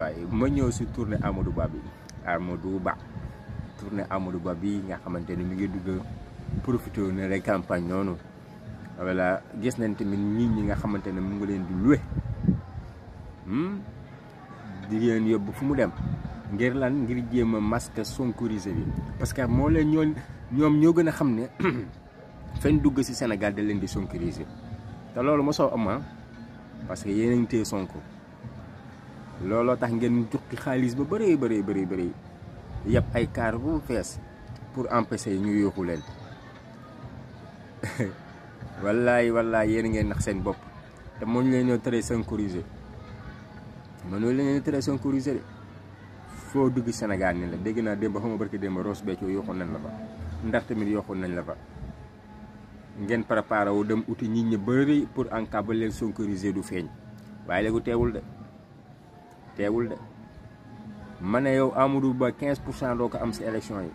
waaye ma ñëw si tournée Amadou Ba bi Amadou Ba tournée Amadou Ba bi nga xamante ni mi ngi dugg profité ne rek campagne noonu voilà gis nañ tamit nit ñi nga xamante ne mu ngi leen di loué hmm? di leen yóbbu fu mu dem ngir lan ngir jéem a masque sonkorisé bi parce que moo leen ñoo ñoom ñoo gën a xam ne fen dugg si Sénégal da leen di sonkorisé te loolu mosoo am ah. parce que yéen a Sonko looloo tax ngeen jukki xaalis ba bëree bëri bëri bëri yëpp ay kaar bu mu fees pour empêcher ñuy yóoxu leen wallaay wallaay yéen ngeen nax seen bopp te mënu leen ñoo tere synchronisé mënu leen ñoo tere synchronisé de foo dugg senegal ni la dégg naa démb xama barki démb Ross Béthio yóoxu nañ la fa ndax tamit yóoxu nañ la fa ngeen préparé wu dem uti nit ñi bëri pour en cas ba leen synchronisé du feeñ waaye léegi teewul de teewul de ma ne yow Amadou Ba 15 pour cent doo ko am si élection yi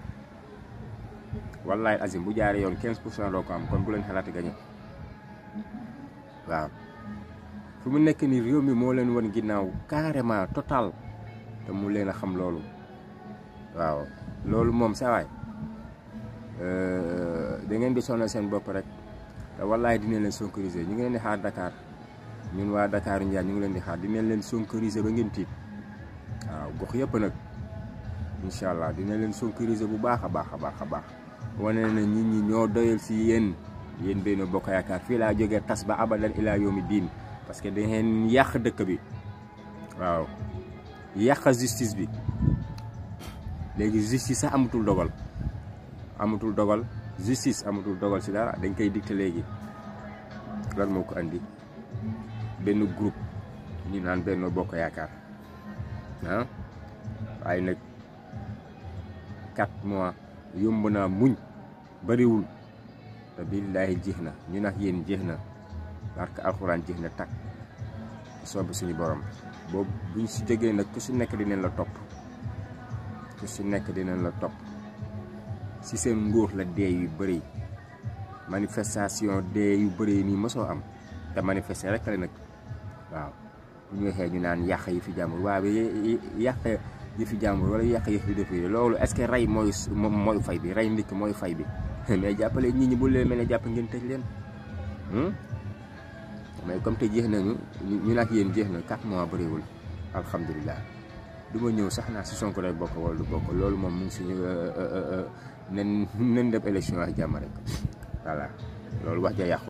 wallaay azim bu jaaree yoon 15 pour cent doo ko am kon bu leen xalaati gañe waaw fu mu nekk ni réew mi moo leen wan ginnaaw carrément total te mu leen a xam loolu waaw loolu moom sawaay euh, da ngeen di sonal seen bopp rek te wallaay dina leen sonkoriser ñu ngi leen di xaar dakaar ñun waa Dakaaru Ndiaye ñu ngi leen di xaar dinañ leen sonkorisé ba ngeen tiit waaw gox yëpp nag incha allah dinañ leen sonkorisé bu baax a baax a baax a baax wane na nit ñi ñoo doyal si yéen yéen Benno Bokk Yaakaar fii laa jógee tas ba abadan ilaa yawmi diin parce que da ngeen yàq dëkk bi waaw yàq justice bi léegi justice sax amatul dogal amatul dogal justice amatul dogal si dara dañ koy dicté léegi lan moo ko andi benn group ñu naan Benno Bokk Yaakaar ah waaye nag quatre mois yomb naa muñ bëriwul te billaahi jeex na ñu nag yéen jeex na barke alxuraan jeex na takk soobu suñu borom boobu buñ si jógee nag ku si nekk dinañ la topp ku si nekk dinañ la topp si seen nguur la dee yu bëri manifestation dee yu bëri nii mosoo am te manifester rek la nag waaw bu ñu waxee ñu naan yàq yi fi jàmbur waaw bi yàq yi fi jàmbur wala yàq yi fi def loolu est-ce que rey mooy moom mooy fay bi rey ndikk mooy fay bi mais jàppale nit ñi bu leen mel ne jàpp ngeen tëj leen hmm? mais comme te jeex nañu ñu nag yéen jeex na 4 mois bëriwul alhamdulilah du ma ñëw sax naa si Sonko lay bokk wala du bokk loolu moom mu ngi suñu euh, euh, euh, nen nen def élection ak jàmm rek voilà loolu wax ja yàqu